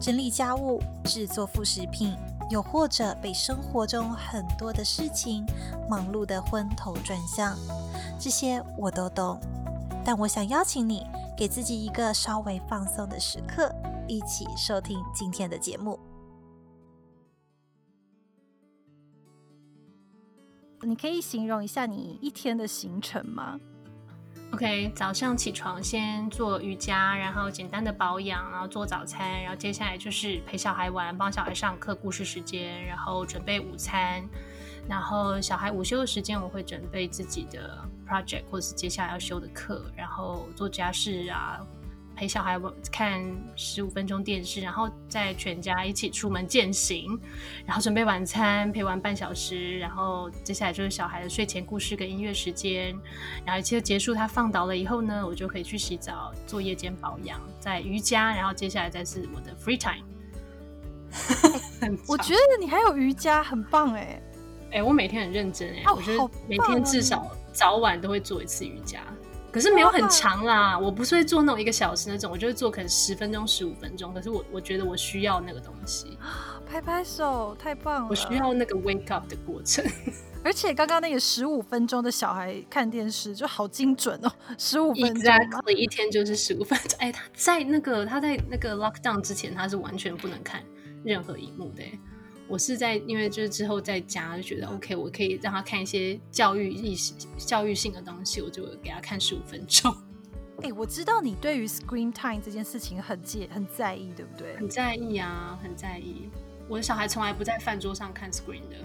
整理家務、製作副食品，又或者被生活中很多的事情忙碌的昏頭轉向，這些我都懂。但我想邀請你，給自己一個稍微放鬆的時刻，一起收聽今天的節目。你可以形容一下你一天的行程嗎？OK，早上起床先做瑜伽，然後簡單的保養，然後做早餐，然後接下來就是陪小孩玩，幫小孩上課、故事時間，然後準備午餐，然後小孩午休的時間我會準備自己的 project 或者是接下來要修的課，然後做家事啊。陪小孩看十五分鐘電視，然後再全家一起出門健行，然後準備晚餐，陪玩半小時，然後接下來就是小孩的睡前故事跟音樂時間，然後一切結束，他放倒了以後呢，我就可以去洗澡做夜間保養，再瑜伽，然後接下來再是我的 free time。 我覺得你還有瑜伽，很棒哎、欸！哎、欸，我每天很認真哎、欸哦，我覺得每天至少早晚都會做一次瑜伽。可是沒有很長啦，wow. 我不是會做那種一個小時那種，我就會做可能十分鐘、十五分鐘。可是我我覺得我需要那個東西，拍拍手，太棒了！我需要那個 wake up 的過程。而且剛剛那個十五分鐘的小孩看電視就好精準哦，十五分鐘。Exactly, 一天就是十五分鐘。哎、欸，他在那個他在那個 lockdown 之前，他是完全不能看任何螢幕的、欸。我是在，因為就是之後在家就覺得、嗯、，OK，我可以讓他看一些教育意識、教育性的東西，我就給他看十五分鐘。哎、欸，我知道你對於 Screen Time 這件事情很介、很在意，對不對？很在意啊，很在意。我的小孩從來不在飯桌上看 Screen 的，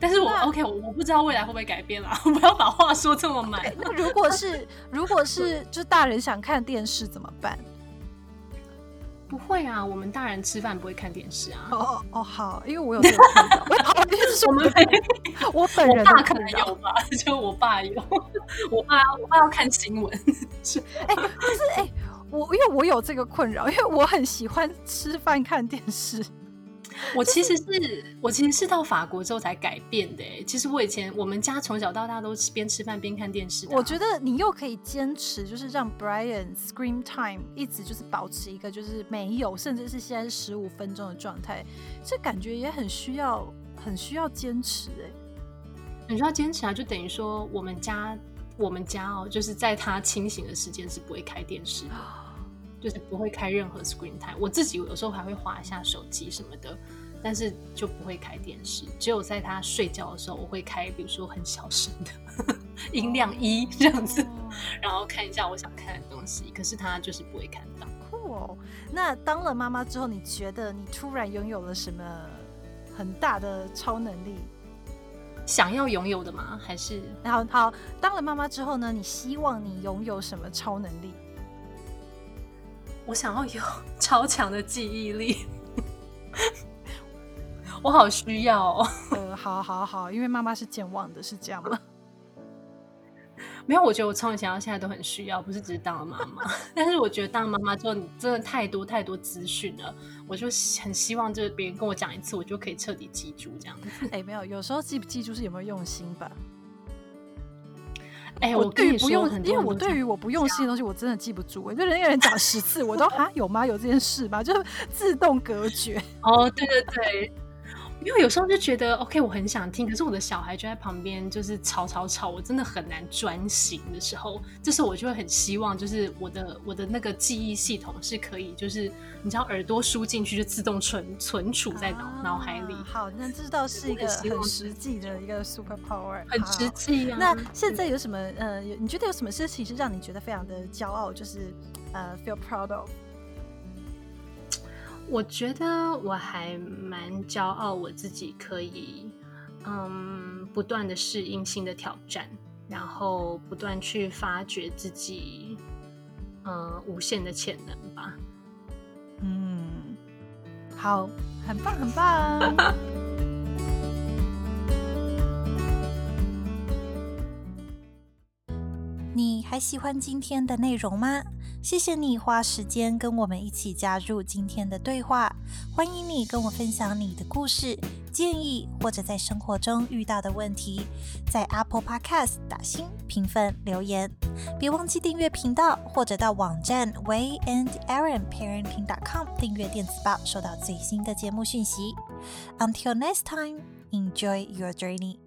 但是我 OK，我，我不知道未來會不會改變啦、啊，我 不要把話說這麼滿。Okay, 那如果是， 如果是，就大人想看電視怎麼辦？不會啊，我們大人吃飯不會看電視啊。哦哦哦，好，因為我有這個困擾。 我們、就是、我， 我本人，我爸可能有吧，就我爸有， 我爸我爸要看新聞。 欸、不是哎，就是哎，我因為我有這個困擾，因為我很喜歡吃飯看電視。我其實是，是我其實是到法國之後才改變的、欸。其實我以前我們家從小到大都是邊吃飯邊看電視、啊。我覺得你又可以堅持，就是讓 Brian screen Time 一直就是保持一個就是沒有，甚至是現在十五分鐘的狀態，這感覺也很需要，很需要堅持哎、欸。你需要堅持啊，就等於說我們家我們家哦，就是在他清醒的時間是不會開電視的。就是不會開任何 screen time 我自己有時候還會滑一下手機什麼的，但是就不會開電視。只有在他睡覺的時候，我會開，比如說很小聲的、哦、 音量一這樣子、哦，然後看一下我想看的東西。可是他就是不會看到。哦、Cool！那當了媽媽之後，你覺得你突然擁有了什麼很大的超能力？想要擁有的嗎？還是……好，好。當了媽媽之後呢？你希望你擁有什麼超能力？我想要有超強的記憶力， 我好需要哦。呃，好，好，好，因為媽媽是健忘的，是這樣嗎？ 沒有，我覺得我從以前到現在都很需要，不是只是當了媽媽， 但是我覺得當媽媽之後，你真的太多太多資訊了，我就很希望就是別人跟我講一次，我就可以徹底記住這樣子。欸，沒有，有時候記不記住是有沒有用心吧。哎、欸，我對於不用，因為我對於我不用心的東西，我真的記不住、欸。 就人家人講十次，我都哈、啊，有嗎？有這件事嗎？就自動隔絕。哦，對對對。因為有時候就覺得 OK，我很想聽，可是我的小孩就在旁邊，就是吵吵吵，我真的很難專心的時候，這時候我就會很希望，就是我的我的那個記憶系統是可以，就是你知道耳朵輸進去就自動存存儲在腦、啊、腦海裡。好，那這倒是一個很實際的一個 super power，很實際、啊嗯、那現在有什麼？呃，你覺得有什麼事情是讓你覺得非常的驕傲？就是呃，feel proud of。我覺得我還蠻驕傲，我自己可以，嗯，不斷的適應新的挑戰，然後不斷去發掘自己，嗯，無限的潛能吧。嗯，好，很棒，很棒。 你還喜歡今天的內容嗎？謝謝你花時間跟我們一起加入今天的對話。歡迎你跟我分享你的故事、建議或者在生活中遇到的問題，在 Apple Podcast 打星、評分留言。別忘記訂閱頻道，或者到網站 WeiandErinParenting.com 訂閱電子報，收到最新的節目訊息。Until next time, enjoy your journey.